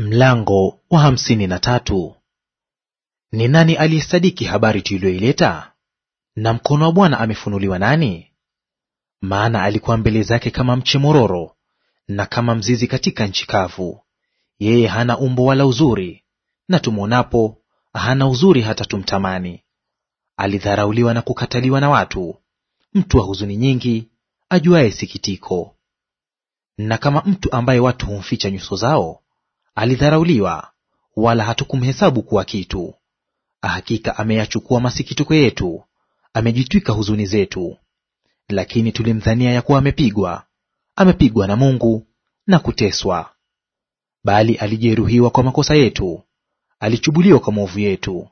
Mlango wa hamsini na tatu. Ni nani aliyesadiki habari tuliyoileta? Na mkono wa Bwana amefunuliwa nani? Maana alikuwa mbele zake kama mche mororo na kama mzizi katika nchi kavu. Yeye hana umbo wala uzuri, na tumwonapo hana uzuri hata tumtamani. Alidharauliwa na kukataliwa na watu, mtu wa huzuni nyingi, ajuaye sikitiko. Na kama mtu ambaye watu humficha nyuso zao alidharauliwa, wala hatukumhesabu kuwa kitu. Hakika ameyachukua masikitiko yetu, amejitwika huzuni zetu. Lakini tulimdhania ya kuwa amepigwa, amepigwa na Mungu na kuteswa. Bali alijeruhiwa kwa makosa yetu, alichubuliwa kwa maovu yetu.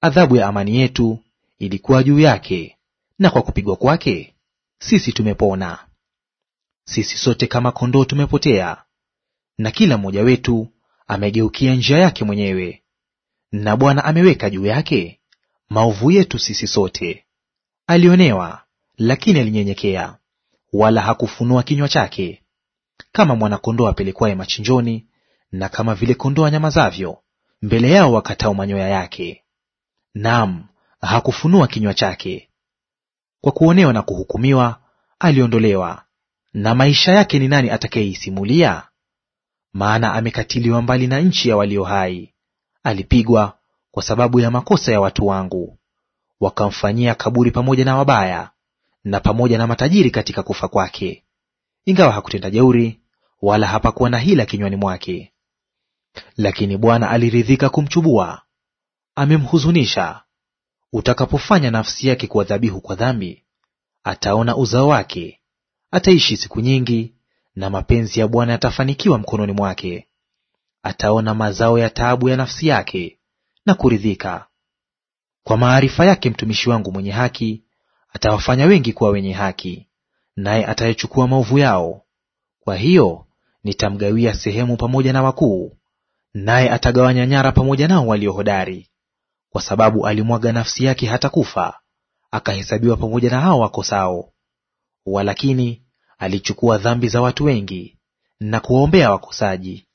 Adhabu ya amani yetu ilikuwa juu yake, na kwa kupigwa kwake sisi tumepona. Sisi sote kama kondoo tumepotea, na kila mmoja wetu amegeukia njia yake mwenyewe, na Bwana ameweka juu yake maovu yetu sisi sote. Alionewa, lakini alinyenyekea, wala hakufunua kinywa chake. Kama mwana apelekwaye machinjoni, na kama vile kondoo anyamazavyo mbele yao wakatao manyoya yake, naam, hakufunua kinywa chake. Kwa kuonewa na kuhukumiwa aliondolewa. Na maisha yake ni nani atakayeisimulia maana amekatiliwa mbali na nchi ya walio hai. Alipigwa kwa sababu ya makosa ya watu wangu. Wakamfanyia kaburi pamoja na wabaya na pamoja na matajiri katika kufa kwake, ingawa hakutenda jeuri, wala hapakuwa na hila kinywani mwake. Lakini Bwana aliridhika kumchubua, amemhuzunisha. Utakapofanya nafsi yake kuwa dhabihu kwa dhambi, ataona uzao wake, ataishi siku nyingi, na mapenzi ya Bwana yatafanikiwa mkononi mwake. Ataona mazao ya taabu ya nafsi yake na kuridhika. Kwa maarifa yake mtumishi wangu mwenye haki atawafanya wengi kuwa wenye haki, naye atayachukua maovu yao. Kwa hiyo nitamgawia sehemu pamoja na wakuu, naye atagawanya nyara pamoja nao waliohodari, kwa sababu alimwaga nafsi yake hata kufa, akahesabiwa pamoja na hao wakosao. Walakini alichukua dhambi za watu wengi na kuwaombea wakosaji.